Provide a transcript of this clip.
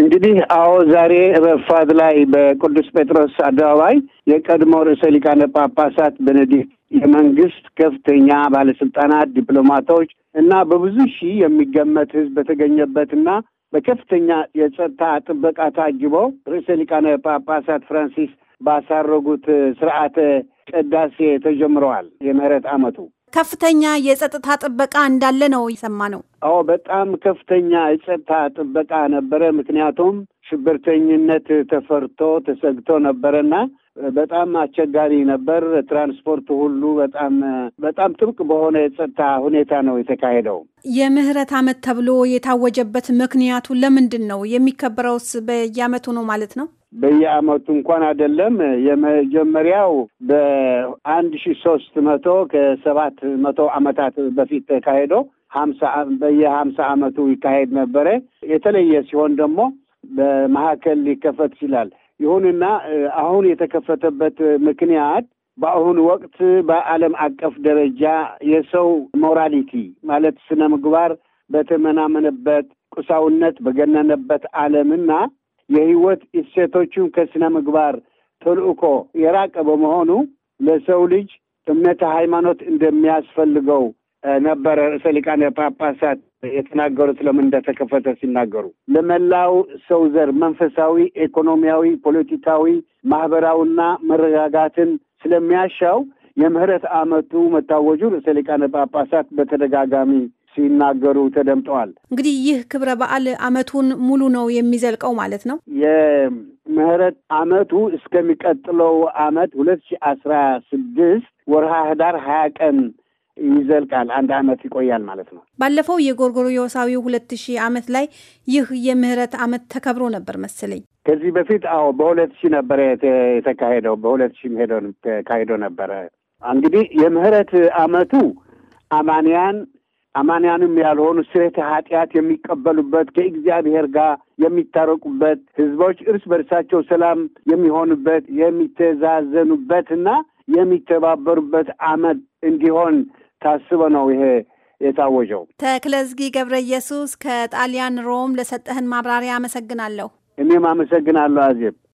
እንግዲህ አዎ ዛሬ ረፋድ ላይ በቅዱስ ጴጥሮስ አደባባይ የቀድሞ ርዕሰ ሊቃነ ጳጳሳት ቤኔዲክት የመንግስት ከፍተኛ ባለስልጣናት፣ ዲፕሎማቶች እና በብዙ ሺህ የሚገመት ህዝብ በተገኘበትና በከፍተኛ የጸጥታ ጥበቃ ታጅቦ ርዕሰ ሊቃነ ጳጳሳት ፍራንሲስ ባሳረጉት ስርዓተ ቅዳሴ ተጀምረዋል። የምህረት ዓመቱ ከፍተኛ የጸጥታ ጥበቃ እንዳለ ነው የሰማ ነው። አዎ በጣም ከፍተኛ የጸጥታ ጥበቃ ነበረ። ምክንያቱም ሽብርተኝነት ተፈርቶ ተሰግቶ ነበረና በጣም አስቸጋሪ ነበር። ትራንስፖርት ሁሉ በጣም በጣም ጥብቅ በሆነ የጸጥታ ሁኔታ ነው የተካሄደው። የምህረት ዓመት ተብሎ የታወጀበት ምክንያቱ ለምንድን ነው? የሚከበረውስ በየዓመቱ ነው ማለት ነው? በየዓመቱ እንኳን አይደለም። የመጀመሪያው በአንድ ሺ ሶስት መቶ ከሰባት መቶ ዓመታት በፊት ተካሄዶ ሀምሳ በየሀምሳ ዓመቱ ይካሄድ ነበረ። የተለየ ሲሆን ደግሞ በመካከል ሊከፈት ይችላል። ይሁንና አሁን የተከፈተበት ምክንያት በአሁኑ ወቅት በዓለም አቀፍ ደረጃ የሰው ሞራሊቲ ማለት ስነ ምግባር በተመናመነበት ቁሳውነት በገነነበት ዓለምና የህይወት እሴቶቹን ከስነ ምግባር ተልእኮ የራቀ በመሆኑ ለሰው ልጅ እምነተ ሃይማኖት እንደሚያስፈልገው ነበረ ርዕሰ ሊቃነ ጳጳሳት የተናገሩት ለምን እንደተከፈተ ሲናገሩ ለመላው ሰው ዘር መንፈሳዊ፣ ኢኮኖሚያዊ፣ ፖለቲካዊ ማህበራዊና መረጋጋትን ስለሚያሻው የምህረት ዓመቱ መታወጁ ርዕሰ ሊቃነ ጳጳሳት በተደጋጋሚ ሲናገሩ ተደምጠዋል። እንግዲህ ይህ ክብረ በዓል ዓመቱን ሙሉ ነው የሚዘልቀው ማለት ነው። የምህረት ዓመቱ እስከሚቀጥለው ዓመት ሁለት ሺ አስራ ስድስት ወርሃ ህዳር ሀያ ቀን ይዘልቃል፣ አንድ አመት ይቆያል ማለት ነው። ባለፈው የጎርጎሮሳዊው ሁለት ሺህ አመት ላይ ይህ የምህረት አመት ተከብሮ ነበር መሰለኝ። ከዚህ በፊት አዎ፣ በሁለት ሺህ ነበረ የተካሄደው። በሁለት ሺህ ሄዶ ተካሂዶ ነበረ። እንግዲህ የምህረት አመቱ አማንያን አማንያንም ያልሆኑ ስሬተ ኃጢአት የሚቀበሉበት ከእግዚአብሔር ጋር የሚታረቁበት ህዝቦች እርስ በርሳቸው ሰላም የሚሆኑበት የሚተዛዘኑበትና የሚተባበሩበት አመት እንዲሆን ታስበ ነው ይሄ የታወጀው። ተክለዝጊ ገብረ ኢየሱስ ከጣሊያን ሮም ለሰጠህን ማብራሪያ አመሰግናለሁ። እኔም አመሰግናለሁ አዜብ።